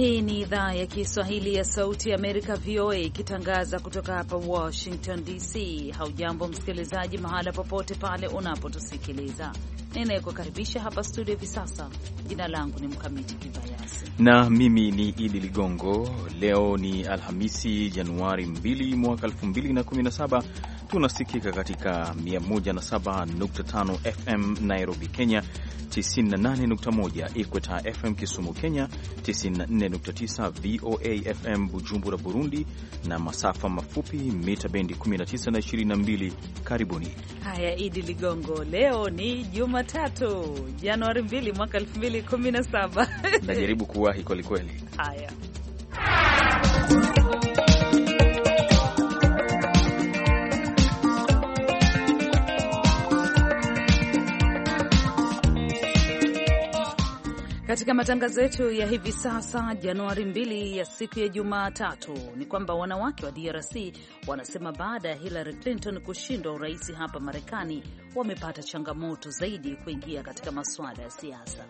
Hii ni idhaa ya Kiswahili ya Sauti ya Amerika, VOA, ikitangaza kutoka hapa Washington DC. Haujambo msikilizaji, mahala popote pale unapotusikiliza. Ninayekukaribisha hapa studio hivi sasa, jina langu ni Mkamiti Kibayasi na mimi ni Idi Ligongo. Leo ni Alhamisi, Januari 2 mwaka 2017. Tunasikika katika 107.5 FM Nairobi, Kenya 98.1 Ikweta FM Kisumu Kenya, 94.9 VOA FM Bujumbura Burundi, na masafa mafupi mita bendi 19 na 22. Karibuni. Haya, Idi Ligongo, leo ni Jumatatu Januari 2 mwaka 2017. Najaribu kuwahi kwelikweli. Haya Katika matangazo yetu ya hivi sasa Januari 2 ya siku ya Jumatatu ni kwamba wanawake wa DRC wanasema baada ya Hillary Clinton kushindwa urais hapa Marekani, wamepata changamoto zaidi kuingia katika masuala ya siasa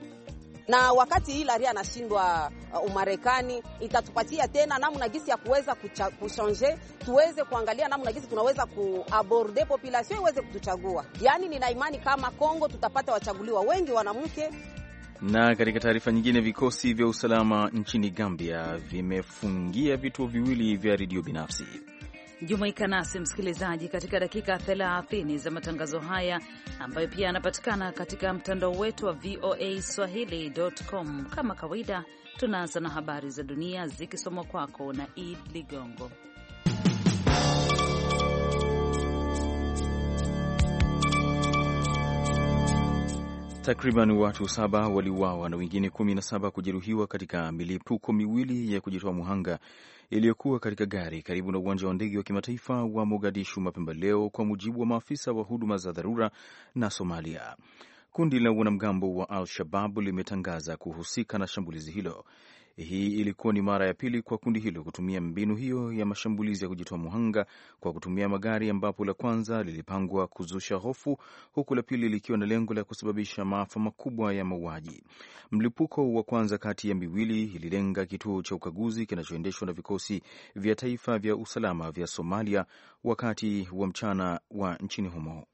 na wakati Hillary anashindwa uh, Umarekani, itatupatia tena namna gisi ya kuweza kushanje, tuweze kuangalia namna gisi tunaweza kuaborde population iweze kutuchagua. Yaani nina imani kama Kongo tutapata wachaguliwa wengi wanamke na katika taarifa nyingine, vikosi vya usalama nchini Gambia vimefungia vituo viwili vya redio binafsi. Jumuika nasi msikilizaji, katika dakika 30 za matangazo haya ambayo pia yanapatikana katika mtandao wetu wa VOA Swahili.com. Kama kawaida, tunaanza na habari za dunia zikisomwa kwako na Ed Ligongo. Takriban watu saba waliuawa na wengine kumi na saba kujeruhiwa katika milipuko miwili ya kujitoa muhanga iliyokuwa katika gari karibu na uwanja wa ndege wa kimataifa wa Mogadishu mapema leo, kwa mujibu wa maafisa wa huduma za dharura na Somalia. Kundi la wanamgambo wa Al-Shababu limetangaza kuhusika na shambulizi hilo. Hii ilikuwa ni mara ya pili kwa kundi hilo kutumia mbinu hiyo ya mashambulizi ya kujitoa muhanga kwa kutumia magari, ambapo la kwanza lilipangwa kuzusha hofu, huku la pili likiwa na lengo la kusababisha maafa makubwa ya mauaji. Mlipuko wa kwanza kati ya miwili ililenga kituo cha ukaguzi kinachoendeshwa na vikosi vya taifa vya usalama vya Somalia wakati wa mchana wa nchini humo.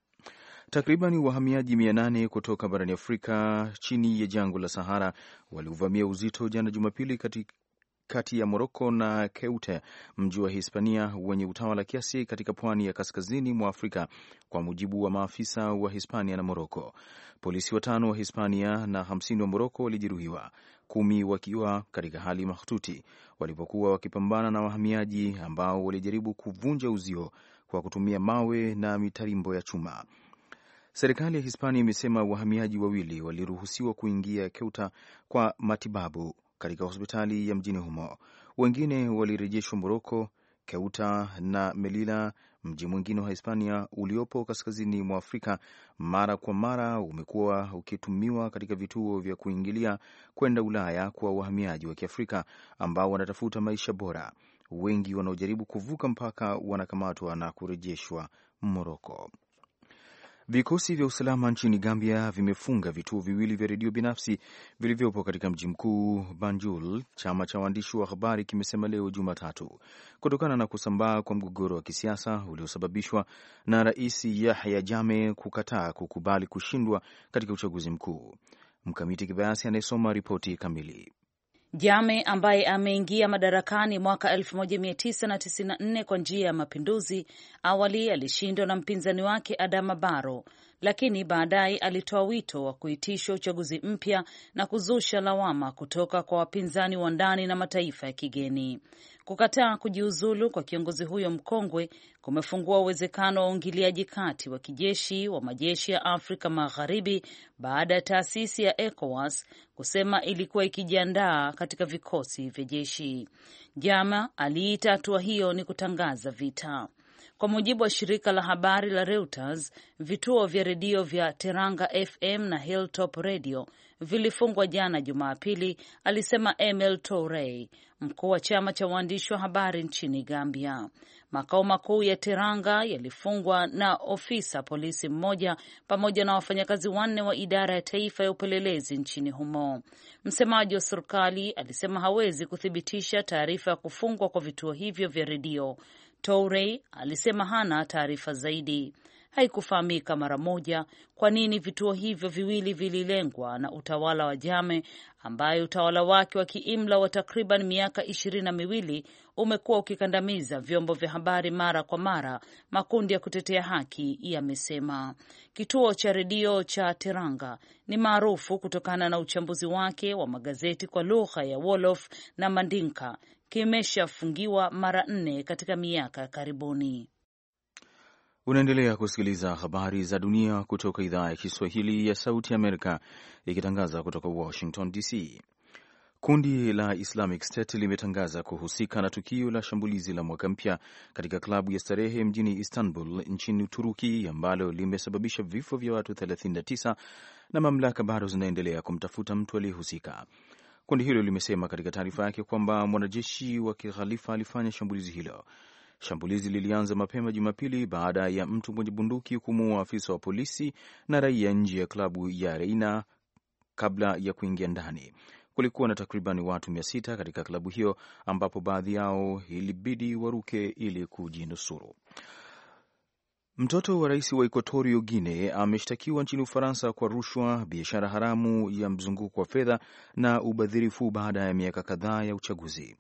Takriban wahamiaji mia kutoka barani Afrika chini ya jangwa la Sahara waliuvamia uzito jana Jumapili kati kati ya Moroko na Keute, mji wa Hispania wenye utawala kiasi katika pwani ya kaskazini mwa Afrika, kwa mujibu wa maafisa wa Hispania na Moroko. Polisi watano wa Hispania na 50 wa Moroko walijeruhiwa, kumi wakiwa katika hali mahututi walipokuwa wakipambana na wahamiaji ambao walijaribu kuvunja uzio kwa kutumia mawe na mitarimbo ya chuma. Serikali ya Hispania imesema wahamiaji wawili waliruhusiwa kuingia Keuta kwa matibabu katika hospitali ya mjini humo, wengine walirejeshwa Moroko. Keuta na melila mji mwingine wa Hispania uliopo kaskazini mwa Afrika, mara kwa mara umekuwa ukitumiwa katika vituo vya kuingilia kwenda Ulaya kwa wahamiaji wa Kiafrika ambao wanatafuta maisha bora. Wengi wanaojaribu kuvuka mpaka wanakamatwa na kurejeshwa Moroko. Vikosi vya usalama nchini Gambia vimefunga vituo viwili vya redio binafsi vilivyopo katika mji mkuu Banjul, chama cha waandishi wa habari kimesema leo Jumatatu, kutokana na kusambaa kwa mgogoro wa kisiasa uliosababishwa na Rais Yahya jame kukataa kukubali kushindwa katika uchaguzi mkuu. Mkamiti Kibayasi anayesoma ripoti kamili. Jame ambaye ameingia madarakani mwaka 1994 kwa njia ya mapinduzi, awali alishindwa na mpinzani wake Adama baro lakini baadaye alitoa wito wa kuitishwa uchaguzi mpya na kuzusha lawama kutoka kwa wapinzani wa ndani na mataifa ya kigeni. Kukataa kujiuzulu kwa kiongozi huyo mkongwe kumefungua uwezekano wa uingiliaji kati wa kijeshi wa majeshi ya Afrika Magharibi baada ya taasisi ya ECOWAS kusema ilikuwa ikijiandaa katika vikosi vya jeshi. Jama aliita hatua hiyo ni kutangaza vita. Kwa mujibu wa shirika la habari la Reuters, vituo vya redio vya Teranga FM na Hilltop Radio vilifungwa jana Jumapili, alisema Emil torey mkuu wa chama cha waandishi wa habari nchini Gambia. Makao makuu ya Teranga yalifungwa na ofisa polisi mmoja pamoja na wafanyakazi wanne wa idara ya taifa ya upelelezi nchini humo. Msemaji wa serikali alisema hawezi kuthibitisha taarifa ya kufungwa kwa vituo hivyo vya redio torey alisema hana taarifa zaidi. Haikufahamika mara moja kwa nini vituo hivyo viwili vililengwa na utawala wa Jame ambaye utawala wake wa kiimla wa takriban miaka ishirini na miwili umekuwa ukikandamiza vyombo vya habari mara kwa mara, makundi ya kutetea haki yamesema. Kituo cha redio cha Teranga ni maarufu kutokana na uchambuzi wake wa magazeti kwa lugha ya Wolof na Mandinka kimeshafungiwa mara nne katika miaka ya karibuni. Unaendelea kusikiliza habari za dunia kutoka idhaa ya Kiswahili ya Sauti Amerika ikitangaza kutoka Washington DC. Kundi la Islamic State limetangaza kuhusika na tukio la shambulizi la mwaka mpya katika klabu ya starehe mjini Istanbul nchini Uturuki ambalo limesababisha vifo vya watu 39 na mamlaka bado zinaendelea kumtafuta mtu aliyehusika. Kundi hilo limesema katika taarifa yake kwamba mwanajeshi wa kighalifa alifanya shambulizi hilo. Shambulizi lilianza mapema Jumapili baada ya mtu mwenye bunduki kumuua afisa wa polisi na raia nje ya klabu ya Reina kabla ya kuingia ndani. Kulikuwa na takriban watu mia sita katika klabu hiyo ambapo baadhi yao ilibidi waruke ili kujinusuru. Mtoto wa rais wa Equatorio Guine ameshtakiwa nchini Ufaransa kwa rushwa, biashara haramu ya mzunguko wa fedha na ubadhirifu baada ya miaka kadhaa ya uchaguzi.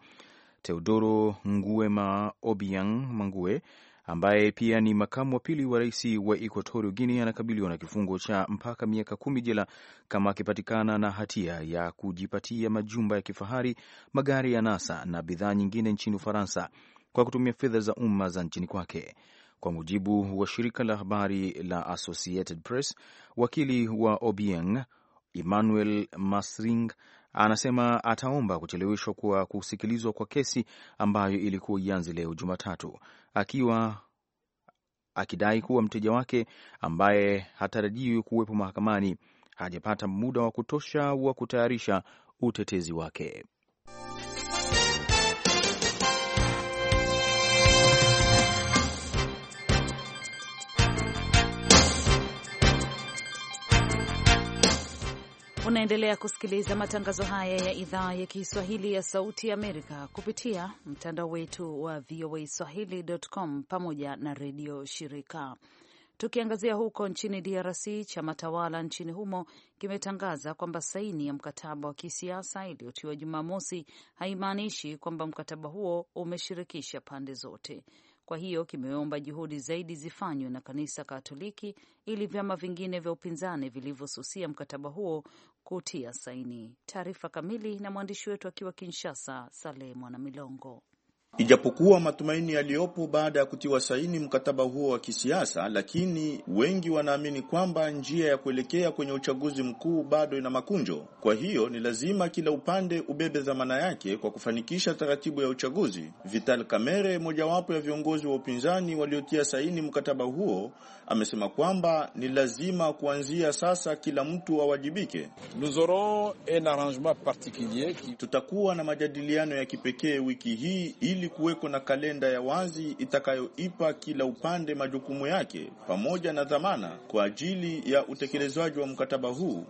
Teodoro Nguema Obiang Mangue ambaye pia ni makamu wa pili wa rais wa Equatorio guine anakabiliwa na kifungo cha mpaka miaka kumi jela kama akipatikana na hatia ya kujipatia majumba ya kifahari, magari ya nasa na bidhaa nyingine nchini Ufaransa kwa kutumia fedha za umma za nchini kwake. Kwa mujibu wa shirika la habari la Associated Press, wakili wa Obieng Emmanuel Masring anasema ataomba kucheleweshwa kwa kusikilizwa kwa kesi ambayo ilikuwa ianze leo Jumatatu, akiwa akidai kuwa mteja wake ambaye hatarajiwi kuwepo mahakamani hajapata muda wa kutosha wa kutayarisha utetezi wake. Unaendelea kusikiliza matangazo haya ya idhaa ya Kiswahili ya Sauti ya Amerika kupitia mtandao wetu wa voa swahilicom pamoja na redio shirika. Tukiangazia huko nchini DRC, chama tawala nchini humo kimetangaza kwamba saini ya mkataba wa kisiasa iliyotiwa Jumamosi haimaanishi kwamba mkataba huo umeshirikisha pande zote. Kwa hiyo kimeomba juhudi zaidi zifanywe na kanisa Katoliki ili vyama vingine vya upinzani vilivyosusia mkataba huo kutia saini. Taarifa kamili na mwandishi wetu akiwa Kinshasa, Saleh Mwanamilongo. Ijapokuwa matumaini yaliyopo baada ya kutiwa saini mkataba huo wa kisiasa, lakini wengi wanaamini kwamba njia ya kuelekea kwenye uchaguzi mkuu bado ina makunjo. Kwa hiyo ni lazima kila upande ubebe dhamana yake kwa kufanikisha taratibu ya uchaguzi. Vital Kamerhe, mojawapo ya viongozi wa upinzani waliotia saini mkataba huo, amesema kwamba ni lazima kuanzia sasa kila mtu awajibike. Tutakuwa na majadiliano ya kipekee wiki hii ili ili kuweko na kalenda ya wazi itakayoipa kila upande majukumu yake pamoja na dhamana kwa ajili ya utekelezwaji wa mkataba huu.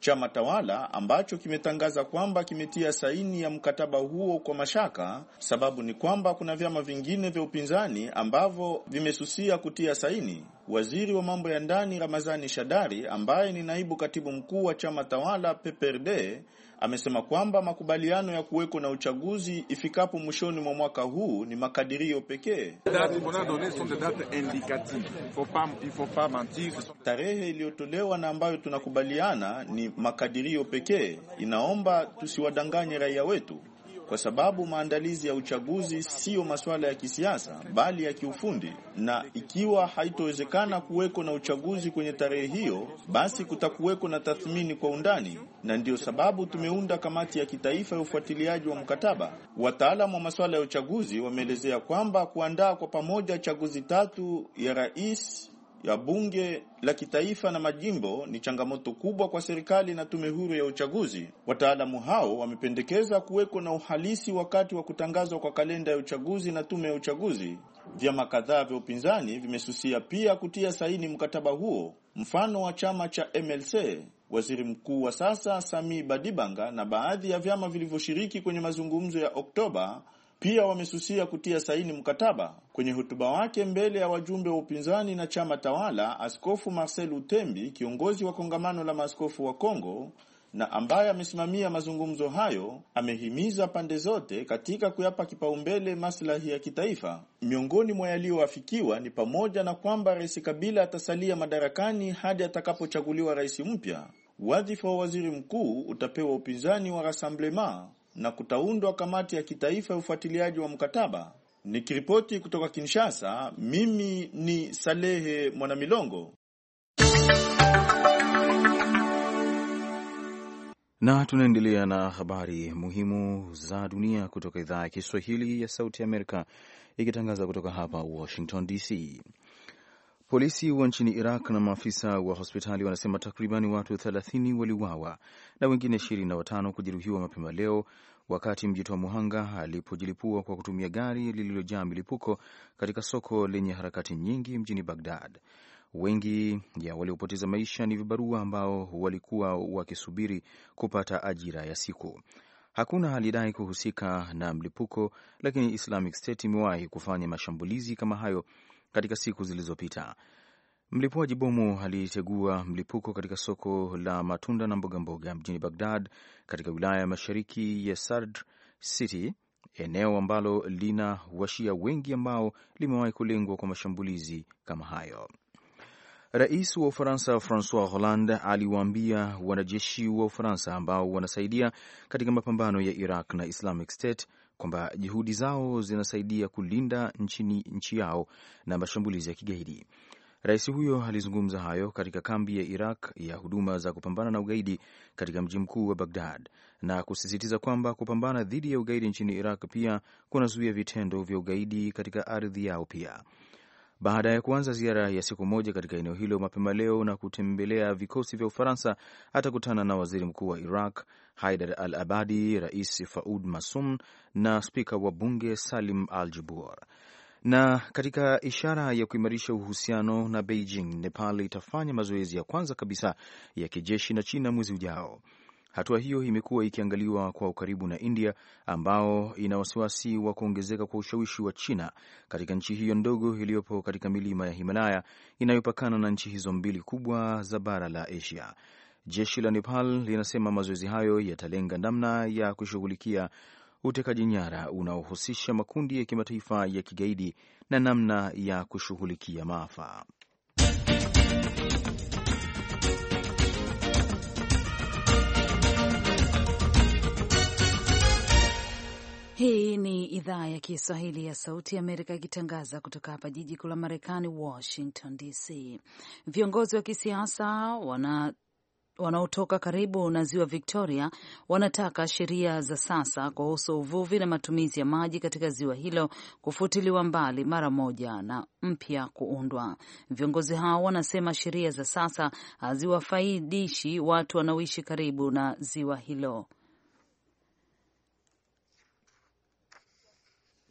Chama tawala ambacho kimetangaza kwamba kimetia saini ya mkataba huo kwa mashaka, sababu ni kwamba kuna vyama vingine vya upinzani ambavyo vimesusia kutia saini. Waziri wa mambo ya ndani Ramazani Shadari ambaye ni naibu katibu mkuu wa chama tawala PPRD amesema kwamba makubaliano ya kuweko na uchaguzi ifikapo mwishoni mwa mwaka huu ni makadirio pekee. Tarehe iliyotolewa na ambayo tunakubaliana ni makadirio pekee, inaomba tusiwadanganye raia wetu kwa sababu maandalizi ya uchaguzi siyo masuala ya kisiasa bali ya kiufundi, na ikiwa haitowezekana kuweko na uchaguzi kwenye tarehe hiyo, basi kutakuweko na tathmini kwa undani, na ndiyo sababu tumeunda kamati ya kitaifa ya ufuatiliaji wa mkataba. Wataalamu wa masuala ya uchaguzi wameelezea kwamba kuandaa kwa pamoja chaguzi tatu ya rais ya bunge la kitaifa na majimbo ni changamoto kubwa kwa serikali na tume huru ya uchaguzi. Wataalamu hao wamependekeza kuweko na uhalisi wakati wa kutangazwa kwa kalenda ya uchaguzi na tume ya uchaguzi. Vyama kadhaa vya upinzani vimesusia pia kutia saini mkataba huo, mfano wa chama cha MLC, waziri mkuu wa sasa Sami Badibanga na baadhi ya vyama vilivyoshiriki kwenye mazungumzo ya Oktoba pia wamesusia kutia saini mkataba. Kwenye hotuba wake mbele ya wajumbe wa upinzani na chama tawala, Askofu Marcel Utembi, kiongozi wa kongamano la maaskofu wa Kongo na ambaye amesimamia mazungumzo hayo, amehimiza pande zote katika kuyapa kipaumbele maslahi ya kitaifa. Miongoni mwa yaliyoafikiwa ni pamoja na kwamba Rais Kabila atasalia madarakani hadi atakapochaguliwa rais mpya. Wadhifa wa waziri mkuu utapewa upinzani wa Rassemblement na kutaundwa kamati ya kitaifa ya ufuatiliaji wa mkataba. Nikiripoti kutoka Kinshasa, mimi ni Salehe Mwanamilongo. Na tunaendelea na habari muhimu za dunia kutoka idhaa ya Kiswahili ya Sauti ya Amerika, ikitangaza kutoka hapa Washington DC. Polisi wa nchini Iraq na maafisa wa hospitali wanasema takribani watu 30 waliuawa na wengine 25 kujeruhiwa mapema leo wakati mjitoa muhanga alipojilipua kwa kutumia gari lililojaa milipuko katika soko lenye harakati nyingi mjini Bagdad. Wengi ya waliopoteza maisha ni vibarua ambao walikuwa wakisubiri kupata ajira ya siku. Hakuna alidai kuhusika na mlipuko, lakini Islamic State imewahi kufanya mashambulizi kama hayo katika siku zilizopita. Mlipuaji bomu alitegua mlipuko katika soko la matunda na mbogamboga mjini Bagdad katika wilaya ya mashariki ya Sadr City, eneo ambalo lina washia wengi ambao limewahi kulengwa kwa mashambulizi kama hayo. Rais wa Ufaransa Francois Hollande aliwaambia wanajeshi wa Ufaransa ambao wanasaidia katika mapambano ya Iraq na Islamic State kwamba juhudi zao zinasaidia kulinda nchini nchi yao na mashambulizi ya kigaidi. Rais huyo alizungumza hayo katika kambi ya Iraq ya huduma za kupambana na ugaidi katika mji mkuu wa Bagdad na kusisitiza kwamba kupambana dhidi ya ugaidi nchini Iraq pia kunazuia vitendo vya ugaidi katika ardhi yao pia baada ya kuanza ziara ya siku moja katika eneo hilo mapema leo na kutembelea vikosi vya Ufaransa. Atakutana na waziri mkuu wa Iraq Haidar al Abadi, rais Faud Masum na spika wa bunge Salim al Jubur. Na katika ishara ya kuimarisha uhusiano na Beijing, Nepal itafanya mazoezi ya kwanza kabisa ya kijeshi na China mwezi ujao. Hatua hiyo imekuwa ikiangaliwa kwa ukaribu na India ambao ina wasiwasi wa kuongezeka kwa ushawishi wa China katika nchi hiyo ndogo iliyopo katika milima ya Himalaya inayopakana na nchi hizo mbili kubwa za bara la Asia. Jeshi la Nepal linasema mazoezi hayo yatalenga namna ya kushughulikia utekaji nyara unaohusisha makundi ya kimataifa ya kigaidi na namna ya kushughulikia maafa. idhaa ya Kiswahili ya Sauti Amerika ikitangaza kutoka hapa jiji kuu la Marekani, Washington DC. Viongozi wa kisiasa wana wanaotoka karibu na ziwa Victoria wanataka sheria za sasa kuhusu uvuvi na matumizi ya maji katika ziwa hilo kufutiliwa mbali mara moja na mpya kuundwa. Viongozi hao wanasema sheria za sasa haziwafaidishi watu wanaoishi karibu na ziwa hilo.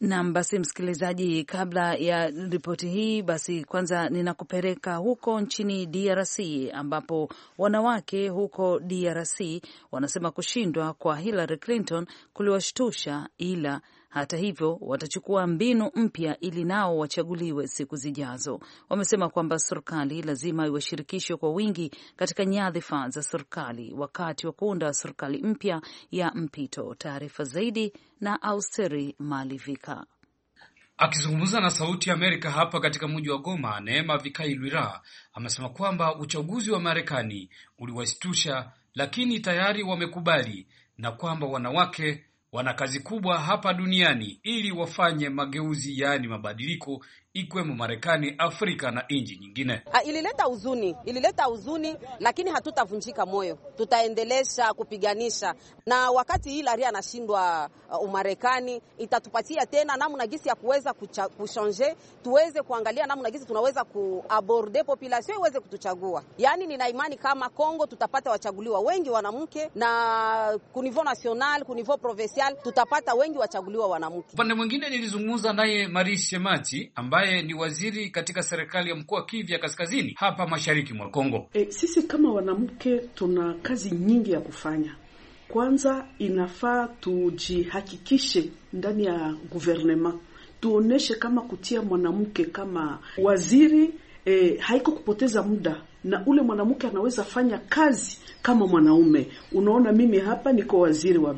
Nam, basi msikilizaji, kabla ya ripoti hii, basi kwanza ninakupeleka huko nchini DRC ambapo wanawake huko DRC wanasema kushindwa kwa Hillary Clinton kuliwashtusha, ila hata hivyo, watachukua mbinu mpya ili nao wachaguliwe siku zijazo. Wamesema kwamba serikali lazima iwashirikishwe kwa wingi katika nyadhifa za serikali wakati wa kuunda serikali mpya ya mpito. Taarifa zaidi na austeri Malivika. Akizungumza na Sauti ya Amerika hapa katika mji wa Goma, Neema Vikai Lwira amesema kwamba uchaguzi wa Marekani uliwashtusha, lakini tayari wamekubali na kwamba wanawake wana kazi kubwa hapa duniani ili wafanye mageuzi, yaani mabadiliko ikiwemo Marekani, Afrika na nchi nyingine. Ha, ah, ilileta huzuni, ilileta huzuni, lakini hatutavunjika moyo, tutaendelesha kupiganisha, na wakati Hilari anashindwa uh, Umarekani itatupatia tena namna gisi ya kuweza kushanje, tuweze kuangalia namna gisi tunaweza kuaborde population iweze kutuchagua. Yani nina imani kama Kongo tutapata wachaguliwa wengi wanamke, na kunivou national kunivou provincial tutapata wengi wachaguliwa wanamke. Upande mwingine nilizungumza naye Marie Shemati ambaye ambaye ni waziri katika serikali ya mkoa Kivu Kaskazini hapa mashariki mwa Kongo. E, sisi kama wanamke tuna kazi nyingi ya kufanya. Kwanza inafaa tujihakikishe ndani ya guvernema, tuoneshe kama kutia mwanamke kama waziri e, haiko kupoteza muda na ule mwanamke anaweza fanya kazi kama mwanaume. Unaona, mimi hapa niko waziri wa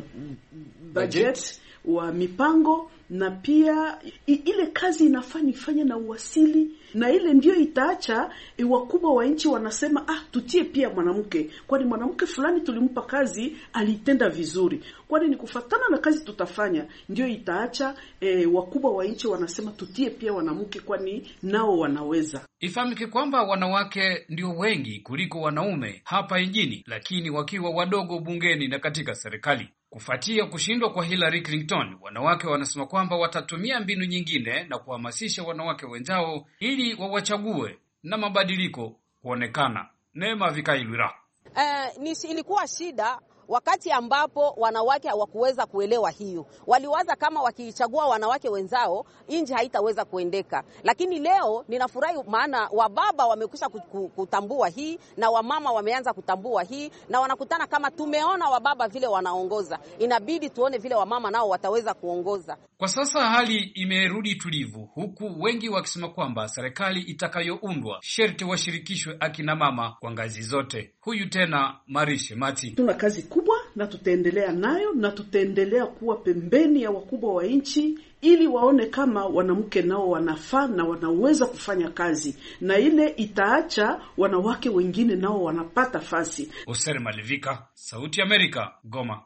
budget, wa mipango na pia i, ile kazi inafanya ifanya na uwasili na ile ndio itaacha wakubwa wa nchi wanasema, ah, tutie pia mwanamke, kwani mwanamke fulani tulimpa kazi alitenda vizuri, kwani ni kufatana na kazi tutafanya, ndio itaacha e, wakubwa wa nchi wanasema tutie pia wanamke, kwani nao wanaweza. Ifahamike kwamba wanawake ndio wengi kuliko wanaume hapa nchini, lakini wakiwa wadogo bungeni na katika serikali. Kufuatia kushindwa kwa Hillary Clinton, wanawake wanasema kwamba watatumia mbinu nyingine na kuhamasisha wanawake wenzao ili wawachague na mabadiliko kuonekana. Neema Vikailwira. Uh, ilikuwa shida wakati ambapo wanawake hawakuweza kuelewa hiyo. Waliwaza kama wakiichagua wanawake wenzao nji haitaweza kuendeka, lakini leo ninafurahi, maana wababa wamekwisha kutambua hii na wamama wameanza kutambua hii, na wanakutana kama tumeona wababa vile wanaongoza, inabidi tuone vile wamama nao wataweza kuongoza. Kwa sasa hali imerudi tulivu, huku wengi wakisema kwamba serikali itakayoundwa sherti washirikishwe akina mama kwa ngazi zote huyu tena Marishe Mati, tuna kazi kubwa na tutaendelea nayo na tutaendelea kuwa pembeni ya wakubwa wa nchi ili waone kama wanamke nao wanafaa na wanaweza kufanya kazi, na ile itaacha wanawake wengine nao wanapata fasi. Oser Malivika, Sauti ya Amerika, Goma.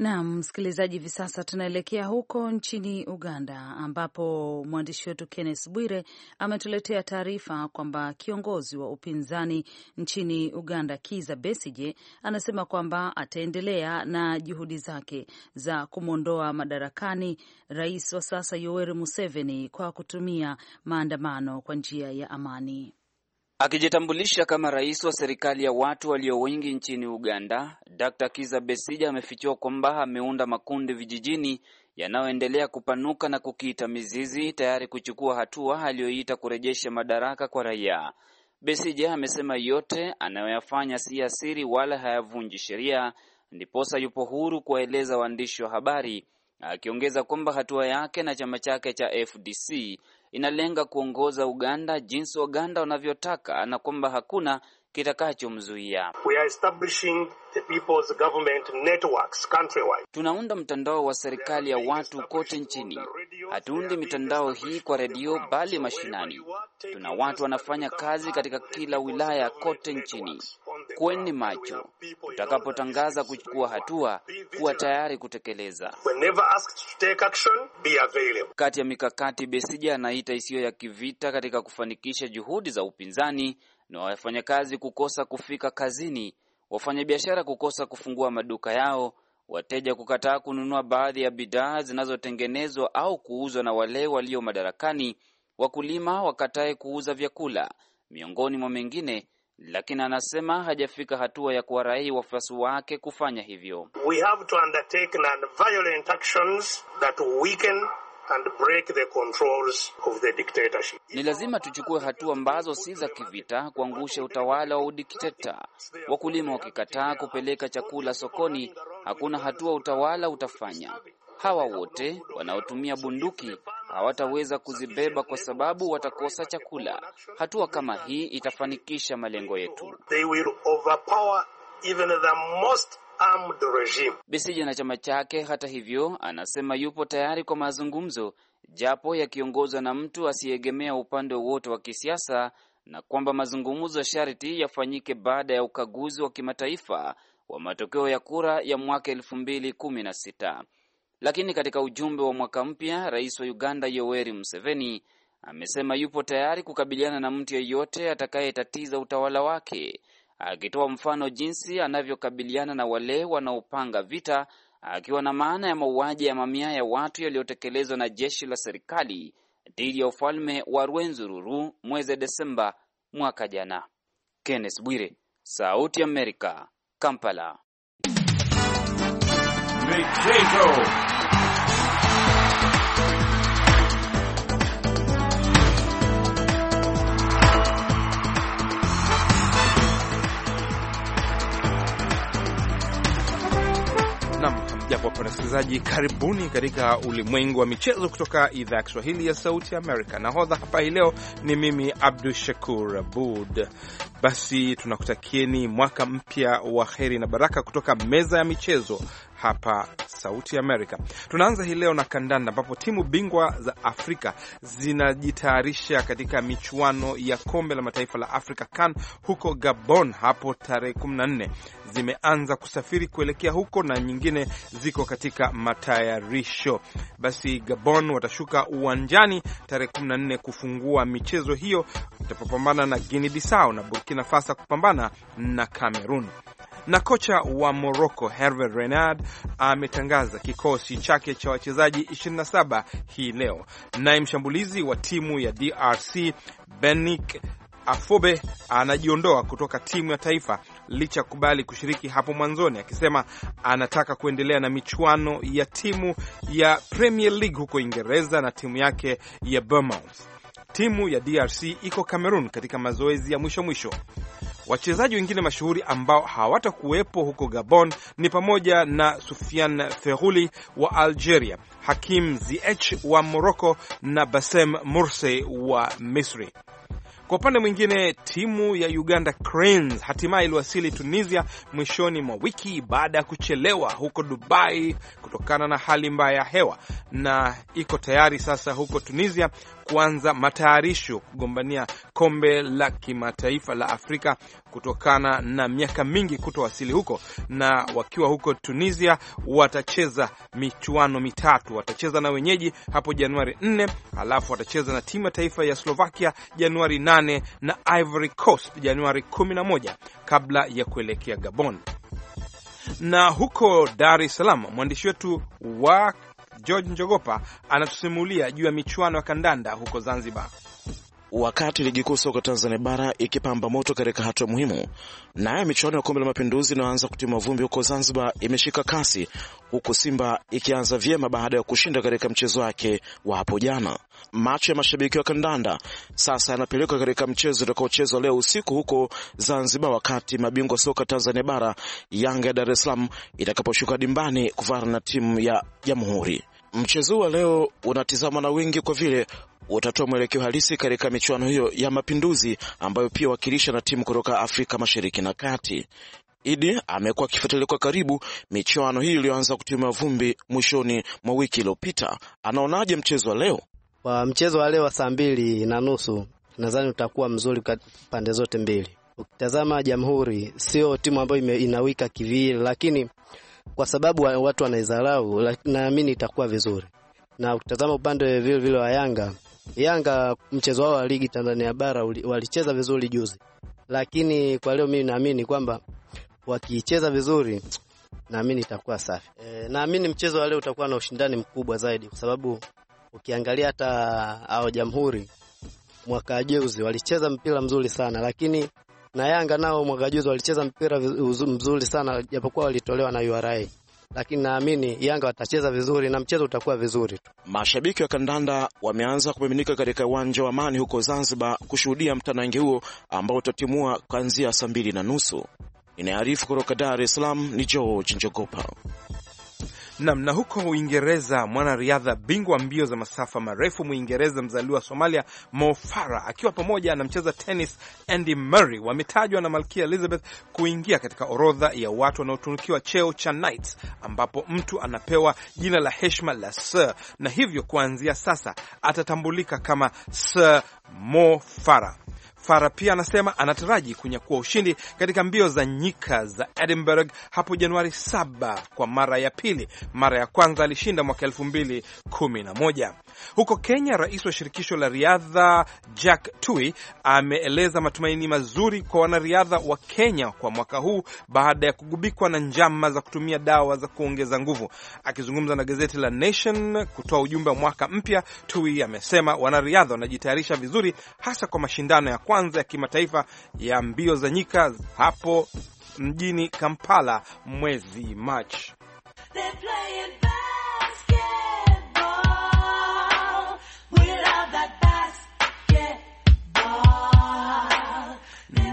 Naam, msikilizaji, hivi sasa tunaelekea huko nchini Uganda ambapo mwandishi wetu Kenneth Bwire ametuletea taarifa kwamba kiongozi wa upinzani nchini Uganda Kiza besije anasema kwamba ataendelea na juhudi zake za kumwondoa madarakani rais wa sasa Yoweri Museveni kwa kutumia maandamano kwa njia ya amani. Akijitambulisha kama rais wa serikali ya watu walio wengi nchini Uganda, Dr. Kiza Besija amefichua kwamba ameunda makundi vijijini yanayoendelea kupanuka na kukita mizizi, tayari kuchukua hatua aliyoita kurejesha madaraka kwa raia. Besija amesema yote anayoyafanya si asiri wala hayavunji sheria, ndiposa yupo huru kuwaeleza waandishi wa habari, akiongeza kwamba hatua yake na chama chake cha FDC inalenga kuongoza Uganda jinsi Waganda wanavyotaka na kwamba hakuna kitakachomzuia. Tunaunda mtandao wa serikali ya watu kote nchini. Hatuundi mitandao hii kwa redio, bali mashinani. Tuna watu wanafanya kazi katika kila wilaya kote nchini. kweni macho, tutakapotangaza kuchukua hatua, kuwa tayari kutekeleza. Kati ya mikakati Besija anaita isiyo ya kivita katika kufanikisha juhudi za upinzani na wafanyakazi kukosa kufika kazini, wafanyabiashara kukosa kufungua maduka yao, wateja kukataa kununua baadhi ya bidhaa zinazotengenezwa au kuuzwa na wale walio madarakani, wakulima wakatae kuuza vyakula, miongoni mwa mengine lakini anasema hajafika hatua ya kuwarai wafuasi wake kufanya hivyo. We have to undertake non-violent actions that weaken and break the controls of the dictatorship. Ni lazima tuchukue hatua ambazo si za kivita kuangusha utawala wa udikteta. Wakulima wakikataa kupeleka chakula sokoni, hakuna hatua utawala utafanya. Hawa wote wanaotumia bunduki hawataweza kuzibeba kwa sababu watakosa chakula. Hatua kama hii itafanikisha malengo yetu. They will overpower even the most armed regime. na chama chake, hata hivyo, anasema yupo tayari kwa mazungumzo, japo yakiongozwa na mtu asiyeegemea upande wowote wa kisiasa, na kwamba mazungumzo sharti yafanyike baada ya ukaguzi wa kimataifa wa matokeo ya kura ya mwaka elfu mbili kumi na sita. Lakini katika ujumbe wa mwaka mpya, rais wa Uganda Yoweri Museveni amesema yupo tayari kukabiliana na mtu yeyote atakayetatiza utawala wake akitoa mfano jinsi anavyokabiliana na wale wanaopanga vita, akiwa na maana ya mauaji ya mamia ya watu yaliyotekelezwa na jeshi la serikali dhidi ya ufalme wa Rwenzururu mwezi Desemba mwaka jana. Kenneth Bwire, Sauti Amerika, Kampala. Michezo. Jambo wapenda wasikilizaji, karibuni katika ulimwengu wa michezo kutoka idhaa ya Kiswahili ya Sauti Amerika. Nahodha hapa hii leo ni mimi Abdu Shakur Abud. Basi tunakutakieni mwaka mpya wa heri na baraka kutoka meza ya michezo hapa Sauti Amerika. Tunaanza hii leo na kandanda, ambapo timu bingwa za Afrika zinajitayarisha katika michuano ya kombe la mataifa la Afrika CAN huko Gabon hapo tarehe 14. Zimeanza kusafiri kuelekea huko na nyingine ziko katika matayarisho. Basi Gabon watashuka uwanjani tarehe 14 kufungua michezo hiyo, itapopambana na Guinea Bissau na Burkina Faso kupambana na Cameroon. Na kocha wa Morocco Herve Renard ametangaza kikosi chake cha wachezaji 27 hii leo. Naye mshambulizi wa timu ya DRC Benik Afobe anajiondoa kutoka timu ya taifa licha kubali kushiriki hapo mwanzoni, akisema anataka kuendelea na michuano ya timu ya Premier League huko Uingereza na timu yake ya Bournemouth. Timu ya DRC iko Cameroon katika mazoezi ya mwisho mwisho. Wachezaji wengine mashuhuri ambao hawatakuwepo huko Gabon ni pamoja na Sufian Ferhuli wa Algeria, Hakim Ziyech wa Morocco na Bassem Mursi wa Misri. Kwa upande mwingine timu ya Uganda Cranes hatimaye iliwasili Tunisia mwishoni mwa wiki baada ya kuchelewa huko Dubai kutokana na hali mbaya ya hewa, na iko tayari sasa huko Tunisia kuanza matayarisho kugombania kombe la kimataifa la Afrika kutokana na miaka mingi kutowasili huko, na wakiwa huko Tunisia watacheza michuano mitatu. Watacheza na wenyeji hapo Januari 4, alafu watacheza na timu ya taifa ya Slovakia Januari 8 na Ivory Coast Januari 11 kabla ya kuelekea Gabon. Na huko Dar es Salaam mwandishi wetu wa George Njogopa anatusimulia juu ya michuano ya kandanda huko Zanzibar. Wakati ligi kuu soka Tanzania bara ikipamba moto katika hatua muhimu, nayo michuano ya kombe la mapinduzi inayoanza kutima vumbi huko Zanzibar imeshika kasi, huku Simba ikianza vyema baada ya kushinda katika mchezo wake wa hapo jana. Macho ya mashabiki wa kandanda sasa yanapelekwa katika mchezo utakaochezwa leo usiku huko Zanzibar, wakati mabingwa soka Tanzania bara Yanga ya Dar es Salaam itakaposhuka dimbani kuvana na timu ya Jamhuri. Mchezo wa leo unatizamwa na wengi kwa vile watatoa mwelekeo halisi katika michuano hiyo ya Mapinduzi ambayo pia wakilisha na timu kutoka Afrika Mashariki na Kati. Idi amekuwa akifuatilia kwa karibu michuano hii iliyoanza kutimia vumbi mwishoni mwa wiki iliyopita. Anaonaje mchezo wa leo? Kwa mchezo wa leo wa saa mbili na nusu nadhani utakuwa mzuri pande zote mbili. Ukitazama Jamhuri sio timu ambayo inawika kivili, lakini kwa sababu watu wanaidharau, naamini itakuwa vizuri, na ukitazama upande vile vile wa Yanga Yanga mchezo wao wa ligi Tanzania bara walicheza vizuri juzi, lakini kwa leo mimi naamini kwamba wakicheza vizuri naamini itakuwa safi. E, naamini mchezo wa leo utakuwa na ushindani mkubwa zaidi, kwa sababu ukiangalia hata hao Jamhuri mwaka juzi walicheza mpira mzuri sana, lakini na Yanga nao mwaka juzi walicheza mpira mzuri sana, japokuwa walitolewa na URA lakini naamini Yanga watacheza vizuri na mchezo utakuwa vizuri tu. Mashabiki wa kandanda wameanza kumiminika katika uwanja wa Amani huko Zanzibar kushuhudia mtanange huo ambao utatimua kuanzia saa mbili na nusu. Inaarifu kutoka Dar es Salaam ni George Njogopa. Nam. Na huko Uingereza, mwanariadha bingwa mbio za masafa marefu Mwingereza mzaliwa wa Somalia Mo Farah akiwa pamoja na mcheza tenis Andy Murray wametajwa na Malkia Elizabeth kuingia katika orodha ya watu wanaotunukiwa cheo cha Knights, ambapo mtu anapewa jina la heshima la Sir, na hivyo kuanzia sasa atatambulika kama Sir Mo Farah. Fara pia anasema anataraji kunyakua ushindi katika mbio za nyika za Edinburgh hapo Januari 7 kwa mara ya pili. Mara ya kwanza alishinda mwaka 2011. Huko Kenya, rais wa shirikisho la riadha Jack Tui ameeleza matumaini mazuri kwa wanariadha wa Kenya kwa mwaka huu baada ya kugubikwa na njama za kutumia dawa za kuongeza nguvu. Akizungumza na gazeti la Nation kutoa ujumbe wa mwaka mpya, Tui amesema wanariadha wanajitayarisha vizuri, hasa kwa mashindano ya kwanza ya kimataifa ya mbio za nyika hapo mjini Kampala mwezi Machi.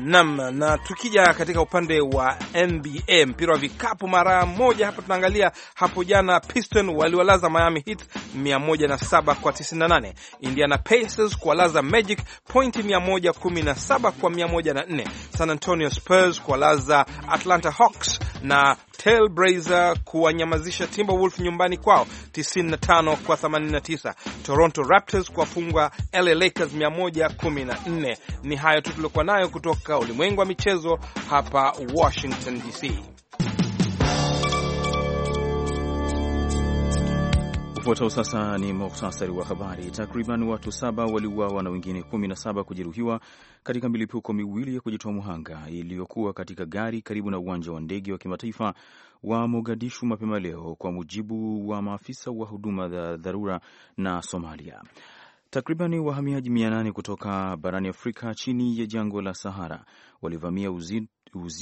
nam na tukija katika upande wa NBA mpira wa vikapu mara moja hapa, tunaangalia hapo jana Piston waliwalaza Miami Heat 107 kwa 98, Indiana Pacers kuwalaza Magic pointi 117 kwa 104, San Antonio Spurs kuwalaza Atlanta Hawks na Trailblazer kuwanyamazisha Timberwolf nyumbani kwao 95 kwa 89. Toronto Raptors kuwafungwa LA Lakers 114. Ni hayo tu tuliokuwa nayo kutoka ulimwengu wa michezo hapa Washington DC. Ufuatao sasa ni muhtasari wa habari. Takriban watu saba waliuawa na wengine kumi na saba kujeruhiwa katika milipuko miwili ya kujitoa muhanga iliyokuwa katika gari karibu na uwanja wa ndege wa kimataifa wa Mogadishu mapema leo, kwa mujibu wa maafisa wa huduma za dharura na Somalia. Takriban wahamiaji mia nane kutoka barani Afrika chini ya jangwa la Sahara walivamia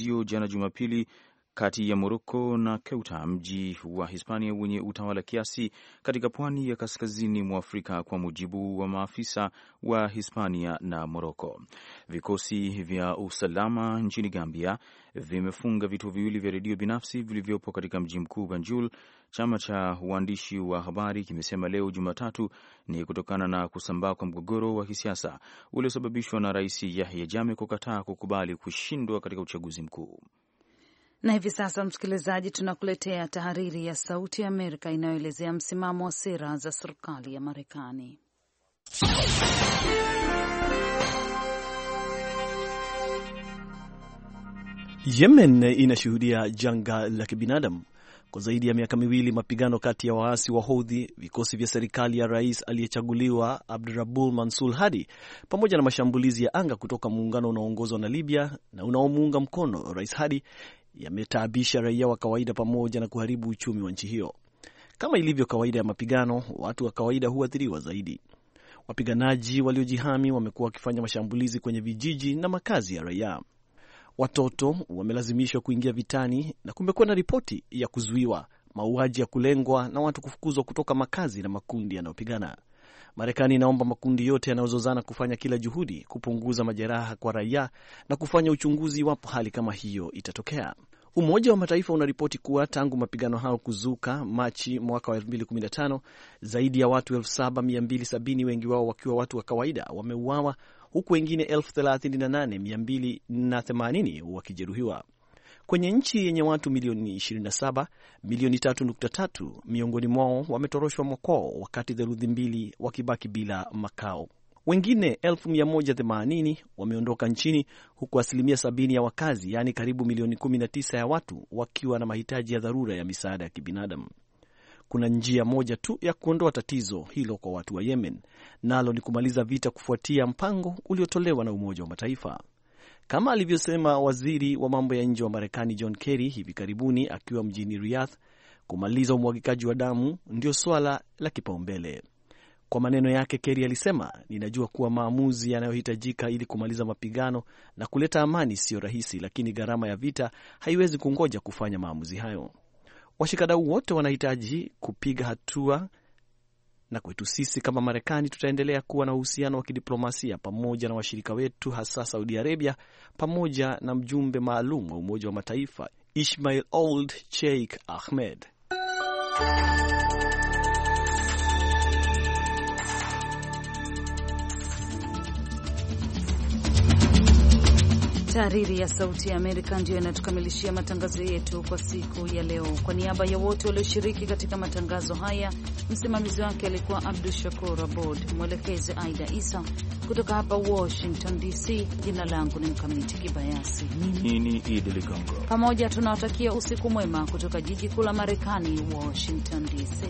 uzio jana Jumapili kati ya Moroko na keuta mji wa Hispania wenye utawala kiasi katika pwani ya kaskazini mwa Afrika, kwa mujibu wa maafisa wa Hispania na Moroko. Vikosi vya usalama nchini Gambia vimefunga vituo viwili vya redio binafsi vilivyopo katika mji mkuu Banjul. Chama cha waandishi wa habari kimesema leo Jumatatu ni kutokana na kusambaa kwa mgogoro wa kisiasa uliosababishwa na Rais Yahya Jammeh kukataa kukubali kushindwa katika uchaguzi mkuu. Na hivi sasa, msikilizaji, tunakuletea tahariri ya Sauti ya Amerika inayoelezea msimamo wa sera za serikali ya Marekani. Yemen inashuhudia janga la kibinadamu kwa zaidi ya miaka miwili. Mapigano kati ya waasi wa Houthi, vikosi vya serikali ya rais aliyechaguliwa Abdurabu Mansur Hadi, pamoja na mashambulizi ya anga kutoka muungano unaoongozwa na Libya na unaomuunga mkono rais Hadi yametaabisha raia wa kawaida pamoja na kuharibu uchumi wa nchi hiyo. Kama ilivyo kawaida ya mapigano, watu wa kawaida huathiriwa zaidi. Wapiganaji waliojihami wamekuwa wakifanya mashambulizi kwenye vijiji na makazi ya raia. Watoto wamelazimishwa kuingia vitani na kumekuwa na ripoti ya kuzuiwa, mauaji ya kulengwa na watu kufukuzwa kutoka makazi na makundi yanayopigana. Marekani inaomba makundi yote yanayozozana kufanya kila juhudi kupunguza majeraha kwa raia na kufanya uchunguzi iwapo hali kama hiyo itatokea. Umoja wa Mataifa unaripoti kuwa tangu mapigano hayo kuzuka Machi mwaka wa 2015 zaidi ya watu 7270 wengi wao wakiwa watu wa kawaida wameuawa huku wengine 38280 wakijeruhiwa. Kwenye nchi yenye watu milioni 27, milioni 3.3 miongoni mwao wametoroshwa mwakwao wakati theluthi mbili wakibaki bila makao. Wengine 180,000 wameondoka nchini huku asilimia 70 ya wakazi, yaani karibu milioni 19 ya watu wakiwa na mahitaji ya dharura ya misaada ya kibinadamu. Kuna njia moja tu ya kuondoa tatizo hilo kwa watu wa Yemen, nalo ni kumaliza vita kufuatia mpango uliotolewa na Umoja wa Mataifa kama alivyosema waziri wa mambo ya nje wa Marekani John Kerry hivi karibuni akiwa mjini Riyadh. Kumaliza umwagikaji wa damu ndio swala la kipaumbele. Kwa maneno yake, Kerry alisema, ninajua kuwa maamuzi yanayohitajika ili kumaliza mapigano na kuleta amani siyo rahisi, lakini gharama ya vita haiwezi kungoja kufanya maamuzi hayo. Washikadau wote wanahitaji kupiga hatua na kwetu sisi kama Marekani, tutaendelea kuwa na uhusiano wa kidiplomasia pamoja na washirika wetu, hasa Saudi Arabia, pamoja na mjumbe maalum wa Umoja wa Mataifa Ismail Old Sheikh Ahmed. Tahariri ya Sauti ya Amerika ndiyo inatukamilishia matangazo yetu kwa siku ya leo. Kwa niaba ya wote walioshiriki katika matangazo haya, Msimamizi wake alikuwa Abdu Shakur Abod, mwelekezi Aida Isa. Kutoka hapa Washington DC, jina langu ni Mkamiti Kibayasi, mimi ni Idi Ligongo. Pamoja tunawatakia usiku mwema kutoka jiji kuu la Marekani, Washington DC.